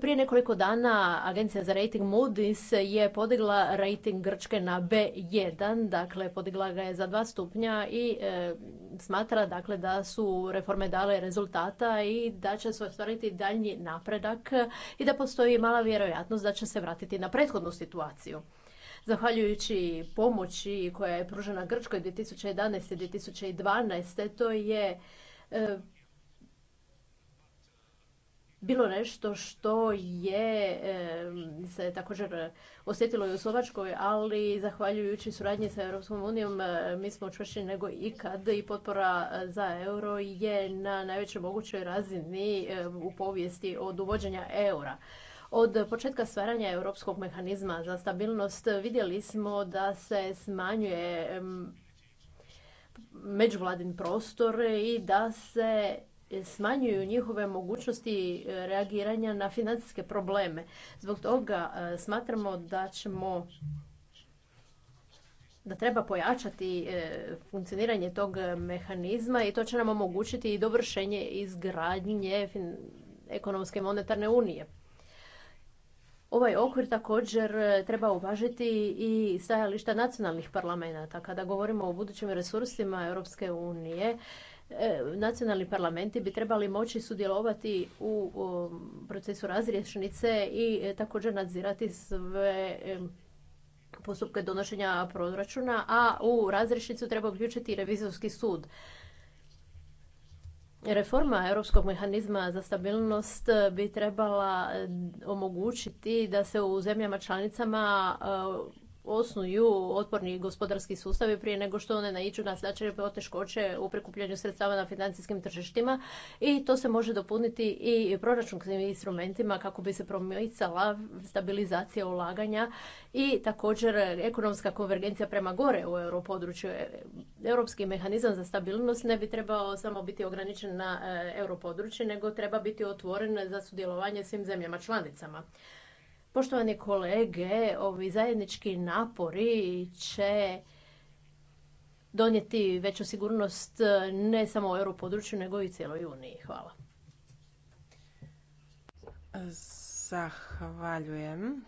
Prije nekoliko dana agencija za rating Moody's je podigla rating Grčke na B1, dakle podigla ga je za dva stupnja i e, smatra dakle da su reforme dale rezultata i da će se ostvariti daljnji napredak i da postoji mala vjerojatnost da će se vratiti na prethodnu situaciju. Zahvaljujući pomoći koja je pružena Grčkoj 2011. i 2012. to je e, bilo nešto što je e, se također osjetilo i u Slovačkoj, ali zahvaljujući suradnji sa Europskom unijom e, mi smo čvršći nego ikad i potpora za euro je na najvećoj mogućoj razini u povijesti od uvođenja eura. Od početka stvaranja Europskog mehanizma za stabilnost vidjeli smo da se smanjuje međuvladin prostor i da se smanjuju njihove mogućnosti reagiranja na financijske probleme. Zbog toga e, smatramo da ćemo da treba pojačati e, funkcioniranje tog mehanizma i to će nam omogućiti i dovršenje izgradnje ekonomske monetarne unije. Ovaj okvir također e, treba uvažiti i stajališta nacionalnih parlamenta. Kada govorimo o budućim resursima Europske unije, e, nacionalni parlamenti bi trebali moći sudjelovati u procesu razrješnice i e, također nadzirati sve postupke donošenja proračuna, a u razrješnicu treba uključiti i revizorski sud. Reforma Europskog mehanizma za stabilnost eh, bi trebala eh, omogućiti da se u zemljama članicama eh, osnuju otporni gospodarski sustavi prije nego što one naiđu na značajne poteškoće u prikupljanju sredstava na financijskim tržištima i to se može dopuniti i proračunskim instrumentima kako bi se promicala stabilizacija ulaganja i također ekonomska konvergencija prema gore u europodručju. Europski mehanizam za stabilnost ne bi trebao samo biti ograničen na e, europodručje, nego treba biti otvoren za sudjelovanje svim zemljama članicama. Poštovani kolege, ovi zajednički napori će donijeti veću sigurnost ne samo u europodručju nego i cijeloj Uniji. Hvala. Zahvaljujem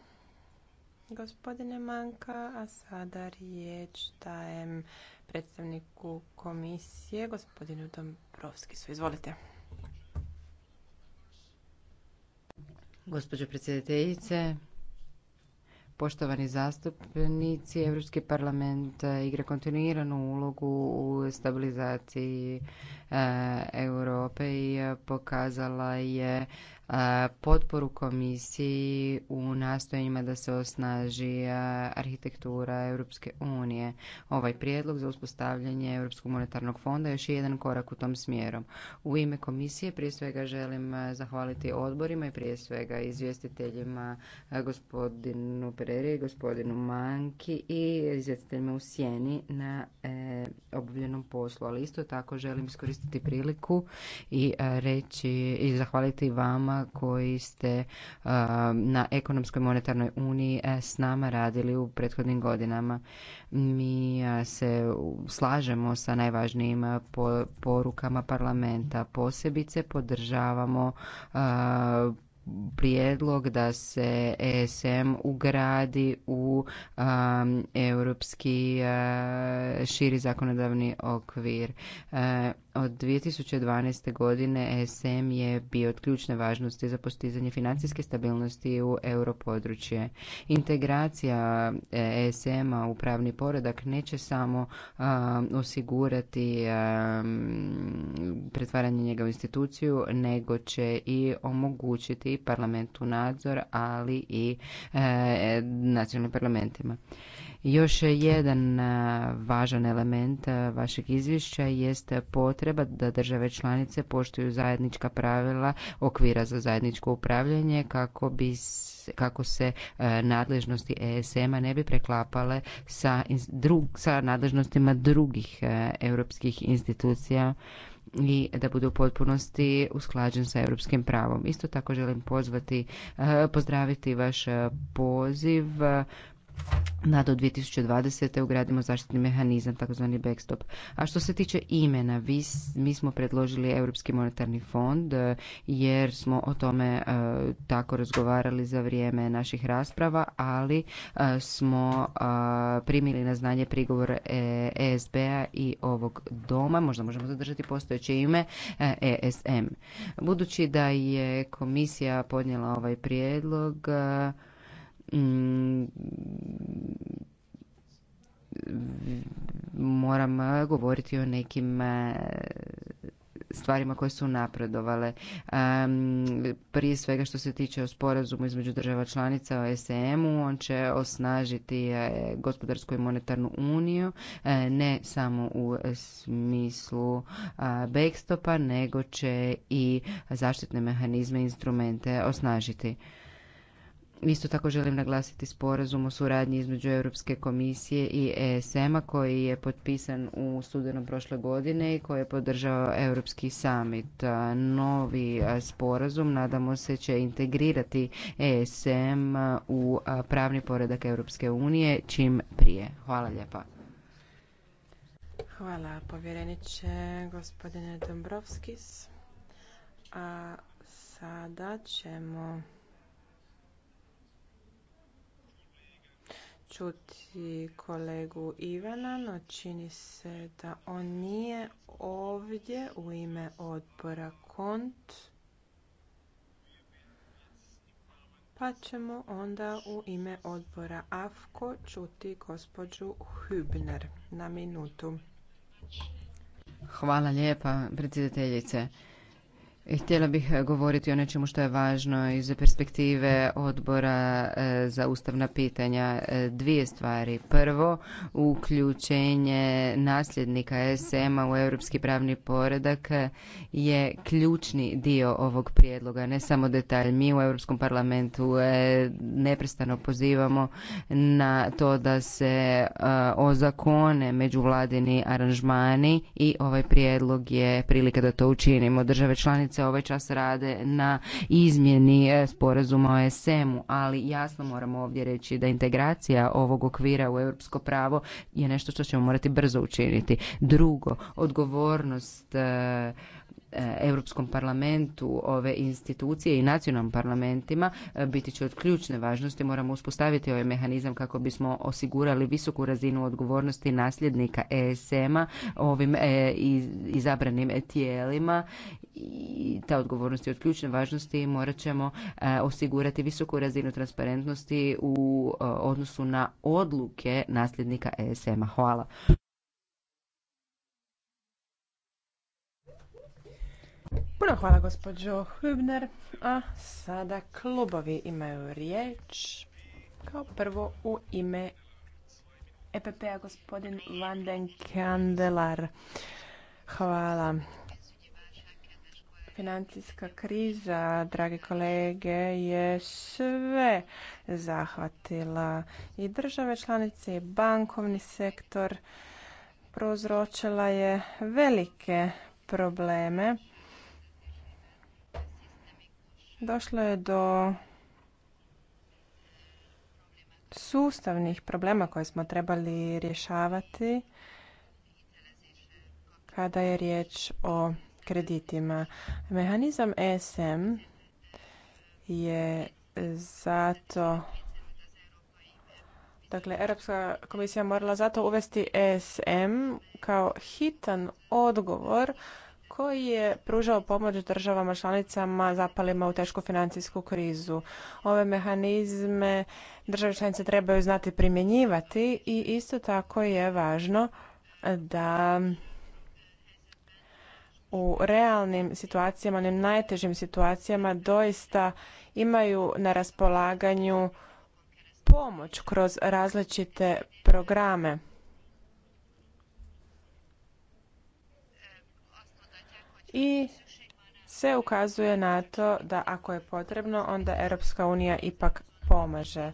gospodine Manka, a sada riječ dajem predstavniku komisije, gospodinu Dombrovskisu. Izvolite. Gospođo predsjedateljice, Poštovani zastupnici, Europski parlament eh, igra kontinuiranu ulogu u stabilizaciji eh, Europe i eh, pokazala je potporu komisiji u nastojanjima da se osnaži arhitektura Europske unije. Ovaj prijedlog za uspostavljanje Europskog monetarnog fonda još jedan korak u tom smjeru. U ime komisije prije svega želim zahvaliti odborima i prije svega izvjestiteljima gospodinu Pereri, gospodinu Manki i izvjestiteljima u Sjeni na e, obavljenom poslu. Ali isto tako želim iskoristiti priliku i reći i zahvaliti vama vama koji ste na ekonomskoj monetarnoj uniji e, s nama radili u prethodnim godinama. Mi se slažemo sa najvažnijim porukama parlamenta. Posebice podržavamo prijedlog da se ESM ugradi u um, europski uh, širi zakonodavni okvir. Uh, od 2012. godine ESM je bio od ključne važnosti za postizanje financijske stabilnosti u europodručje. Integracija uh, ESM-a u pravni poredak neće samo osigurati um, pretvaranje njega u instituciju, nego će i omogućiti parlamentu nadzor, ali i e, nacionalnim parlamentima. Još jedan e, važan element e, vašeg izvješća jest potreba da države članice poštuju zajednička pravila okvira za zajedničko upravljanje kako bi kako se nadležnosti ESM-a ne bi preklapale sa, drug, sa nadležnostima drugih europskih institucija i da bude u potpunosti usklađen sa europskim pravom. Isto tako želim pozvati, eh, pozdraviti vaš eh, poziv da do 2020. ugradimo zaštitni mehanizam, takozvani backstop. A što se tiče imena, mi smo predložili Europski monetarni fond e, jer smo o tome e, tako razgovarali za vrijeme naših rasprava, ali e, smo primili na znanje prigovor ESB-a i ovog doma, možda možemo zadržati postojeće ime, ESM. Budući da je komisija podnijela ovaj prijedlog, Mm, moram eh, govoriti o nekim eh, stvarima koje su napredovale. Prije svega što se tiče o sporazumu između država članica o SM-u, e on će osnažiti eh, gospodarsku i monetarnu uniju, ne samo u smislu backstopa, nego će i zaštitne mehanizme i instrumente osnažiti. Isto tako želim naglasiti sporazum o suradnji između Europske komisije i ESM-a koji je potpisan u studenom prošle godine i koji je podržao Europski summit. Novi sporazum nadamo se će integrirati ESM u pravni poredak Europske unije čim prije. Hvala lijepa. Hvala povjereniče gospodine Dombrovskis. A sada ćemo čuti kolegu Ivana, no čini se da on nije ovdje u ime odbora KONT. Pa ćemo onda u ime odbora AFKO čuti gospođu Hübner na minutu. Hvala lijepa, predsjedateljice. E, htjela bih e, govoriti o nečemu što je važno iz perspektive odbora e, za ustavna pitanja. Dvije stvari. Prvo, uključenje nasljednika SM-a u europski pravni poredak je ključni dio ovog prijedloga, ne samo detalj. Mi u Europskom parlamentu neprestano pozivamo na to da se ozakone međuvladini aranžmani i ovaj prijedlog je prilika da to učinimo. Države članice članice ovaj čas rade na izmjeni e, sporazuma o SM-u, ali jasno moramo ovdje reći da integracija ovog okvira u europsko pravo je nešto što ćemo morati brzo učiniti. Drugo, odgovornost e, Eh, Europskom parlamentu, ove institucije i nacionalnim parlamentima eh, biti će od ključne važnosti. Moramo uspostaviti ovaj mehanizam kako bismo osigurali visoku razinu odgovornosti nasljednika ESM-a ovim eh, izabranim tijelima. I ta odgovornost je od ključne važnosti i morat ćemo osigurati visoku razinu transparentnosti u odnosu na odluke nasljednika ESM-a. Hvala. Puno hvala gospođo Hübner. A sada klubovi imaju riječ. Kao prvo u ime EPP-a gospodin Van Kandelar. Hvala. Financijska kriza, drage kolege, je sve zahvatila i države članice i bankovni sektor. Prouzročila je velike probleme došlo je do sustavnih problema koje smo trebali rješavati kada je riječ o kreditima. Mehanizam ESM je zato Dakle, Europska komisija morala zato uvesti ESM kao hitan odgovor koji je pružao pomoć državama članicama zapalima u tešku financijsku krizu. Ove mehanizme države članice trebaju znati primjenjivati i isto tako je važno da u realnim situacijama, onim najtežim situacijama doista imaju na raspolaganju pomoć kroz različite programe. i se ukazuje na to da ako je potrebno onda Europska unija ipak pomaže.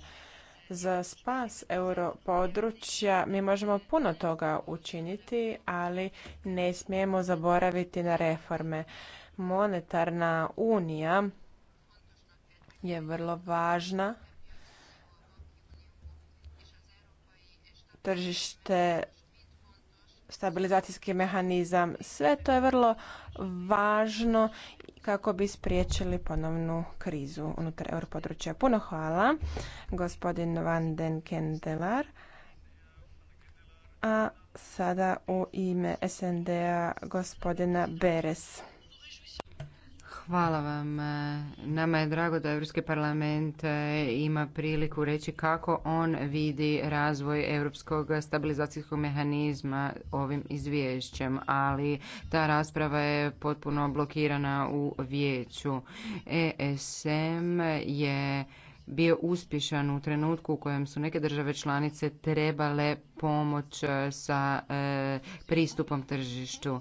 Za spas europodručja mi možemo puno toga učiniti, ali ne smijemo zaboraviti na reforme. Monetarna unija je vrlo važna. Tržište stabilizacijski mehanizam. Sve to je vrlo važno kako bi spriječili ponovnu krizu unutar europodručja. Puno hvala, gospodin Van den Kendelar. A sada u ime SND-a gospodina Beres. Hvala vam. E, nama je drago da Europski parlament e, ima priliku reći kako on vidi razvoj Europskog stabilizacijskog mehanizma ovim izvješćem, ali ta rasprava je potpuno blokirana u vijeću. ESM je bio uspješan u trenutku u kojem su neke države članice trebale pomoć e, sa e, pristupom tržištu. E,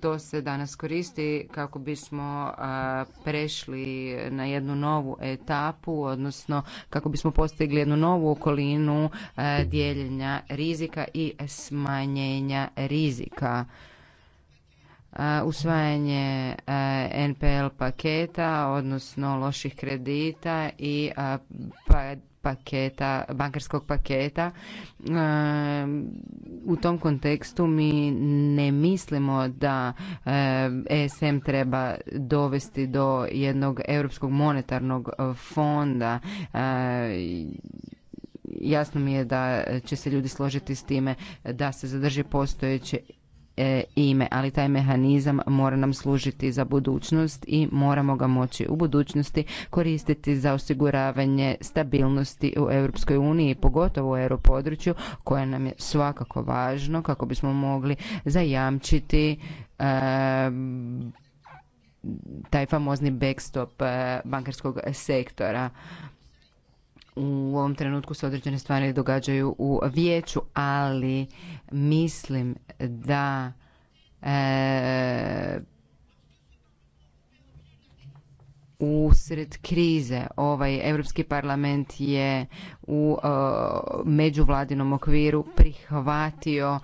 to se danas koristi kako bismo prešli na jednu novu etapu, odnosno kako bismo postigli jednu novu okolinu dijeljenja rizika i smanjenja rizika usvajanje NPL paketa, odnosno loših kredita i pa, paketa, bankarskog paketa. U tom kontekstu mi ne mislimo da ESM treba dovesti do jednog europskog monetarnog fonda jasno mi je da će se ljudi složiti s time da se zadrži postojeće E, ime, ali taj mehanizam mora nam služiti za budućnost i moramo ga moći u budućnosti koristiti za osiguravanje stabilnosti u Europskoj uniji, pogotovo u europodručju koje nam je svakako važno kako bismo mogli zajamčiti e, taj famozni backstop e, bankarskog sektora u ovom trenutku se određene stvari događaju u vijeću, ali mislim da e, usred krize ovaj Europski parlament je u e, međuvladinom okviru prihvatio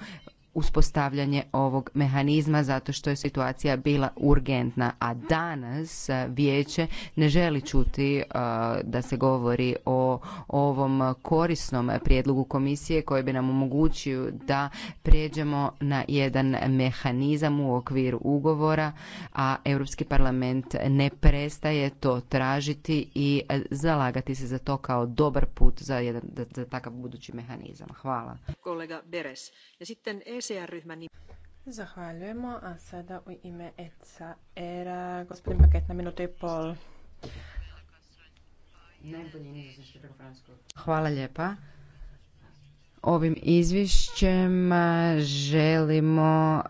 uspostavljanje ovog mehanizma zato što je situacija bila urgentna, a danas e, vijeće ne želi čuti e, da se govori o ovom korisnom prijedlogu komisije koji bi nam omogućio da pređemo na jedan mehanizam u okviru ugovora, a Europski parlament ne prestaje to tražiti i e, zalagati se za to kao dobar put za, jedan, takav budući mehanizam. Hvala. Kolega Beres. Ja sitten ECR-ryhmän Zahvaljujemo, a sada u ime era gospodin Paket na minutu i pol. Hvala lijepa. Ovim izvješćem želimo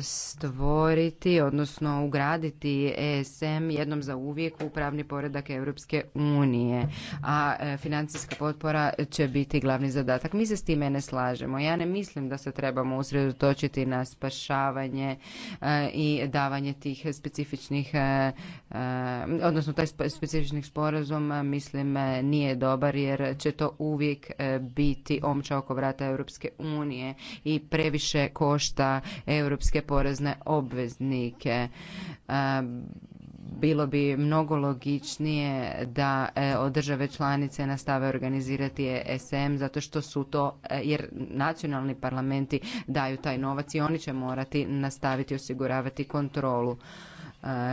stvoriti, odnosno ugraditi ESM jednom za uvijek u pravni poredak Europske unije, a e, financijska potpora će biti glavni zadatak. Mi se s time ne slažemo. Ja ne mislim da se trebamo usredotočiti na spašavanje i davanje tih specifičnih, odnosno taj specifičnih sporazuma. mislim, nije dobar jer će to uvijek biti omča oko vrata Europske unije i previše košta europske porezne obveznike. E, bilo bi mnogo logičnije da e, od države članice nastave organizirati e SM zato što su to, jer nacionalni parlamenti daju taj novac i oni će morati nastaviti osiguravati kontrolu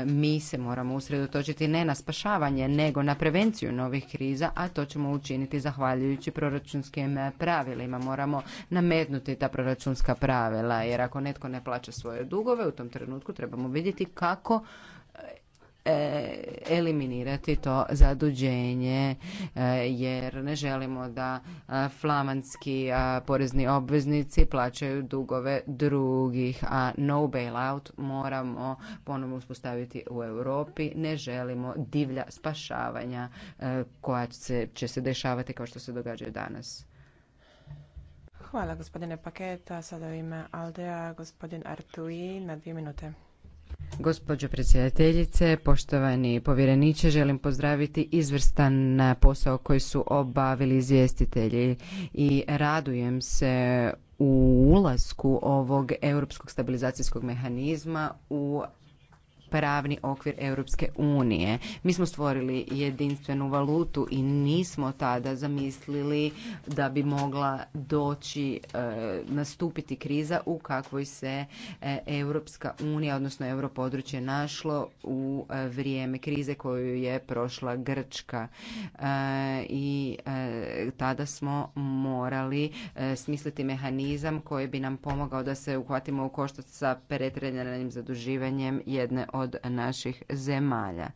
mi se moramo usredotočiti ne na spašavanje, nego na prevenciju novih kriza, a to ćemo učiniti zahvaljujući proračunskim e, pravilima. Moramo nametnuti ta proračunska pravila, jer ako netko ne plaća svoje dugove, u tom trenutku trebamo vidjeti kako E, eliminirati to zaduđenje e, jer ne želimo da e, flamanski porezni obveznici plaćaju dugove drugih, a no bailout moramo ponovno uspostaviti u Europi. Ne želimo divlja spašavanja koja će se dešavati kao što se događa danas. Hvala gospodine Paketa. Sada u ime Aldea gospodin Artui na dvije minute. Gospođo predsjedateljice, poštovani povjereniče, želim pozdraviti izvrstan posao koji su obavili izvjestitelji i radujem se u ulasku ovog europskog stabilizacijskog mehanizma u pravni okvir Europske unije. Mi smo stvorili jedinstvenu valutu i nismo tada zamislili da bi mogla doći e, nastupiti kriza u kakvoj se e, Europska unija, odnosno europodručje našlo u e, vrijeme krize koju je prošla Grčka. I tada smo morali smisliti mehanizam koji bi nam pomogao da se uhvatimo u koštac sa pretrenjanim zaduživanjem jedne od naših zemalja.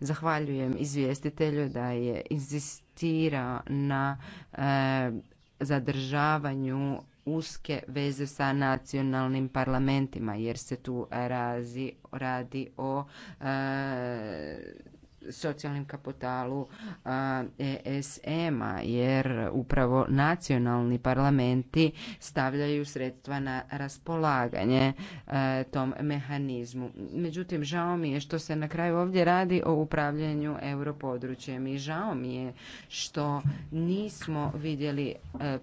Zahvaljujem izvjestitelju da je inzistirao na e, zadržavanju uske veze sa nacionalnim parlamentima jer se tu razi, radi o e, socijalnim kapitalu ESM-a jer upravo nacionalni parlamenti stavljaju sredstva na raspolaganje tom mehanizmu. Međutim, žao mi je što se na kraju ovdje radi o upravljanju europodručjem i žao mi je što nismo vidjeli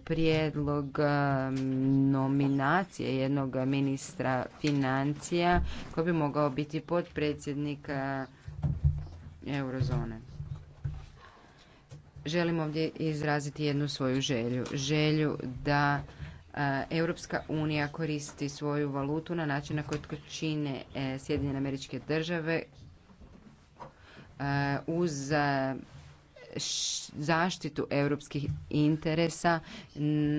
prijedlog nominacije jednog ministra financija koji bi mogao biti podpredsjednik eurozone. Želim ovdje izraziti jednu svoju želju. Želju da Europska unija koristi svoju valutu na način na koji čine e, Sjedinjene američke države uz zaštitu europskih interesa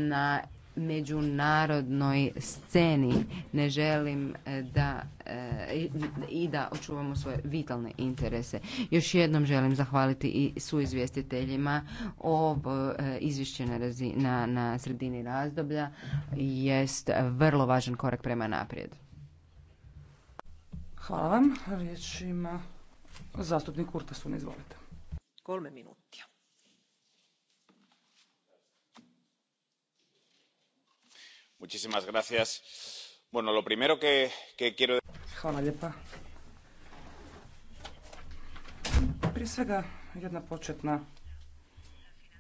na međunarodnoj sceni. Ne želim e, da e, i da očuvamo svoje vitalne interese. Još jednom želim zahvaliti i suizvjestiteljima o e, izvješće na, na, sredini razdoblja. Jest vrlo važan korak prema naprijed. Hvala vam. Riječ ima zastupnik Izvolite. Kolme minuta. Hvala lijepa. Prije svega jedna početna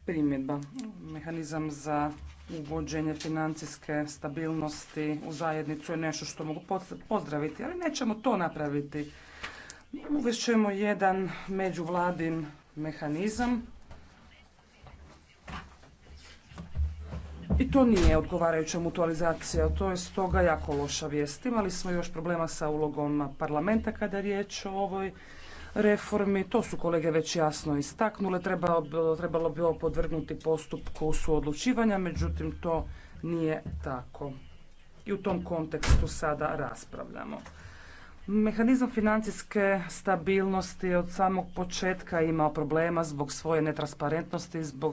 primjedba. Mehanizam za uvođenje financijske stabilnosti u zajednicu je nešto što mogu pozdraviti, ali nećemo to napraviti. Uvest ćemo jedan međuvladin mehanizam I to nije odgovarajuća mutualizacija, to je stoga jako loša vijest. Imali smo još problema sa ulogom parlamenta kada je riječ o ovoj reformi. To su kolege već jasno istaknule. Trebalo bi, trebalo ovo podvrgnuti postupku suodlučivanja, međutim to nije tako. I u tom kontekstu sada raspravljamo. Mehanizam financijske stabilnosti od samog početka imao problema zbog svoje netransparentnosti, zbog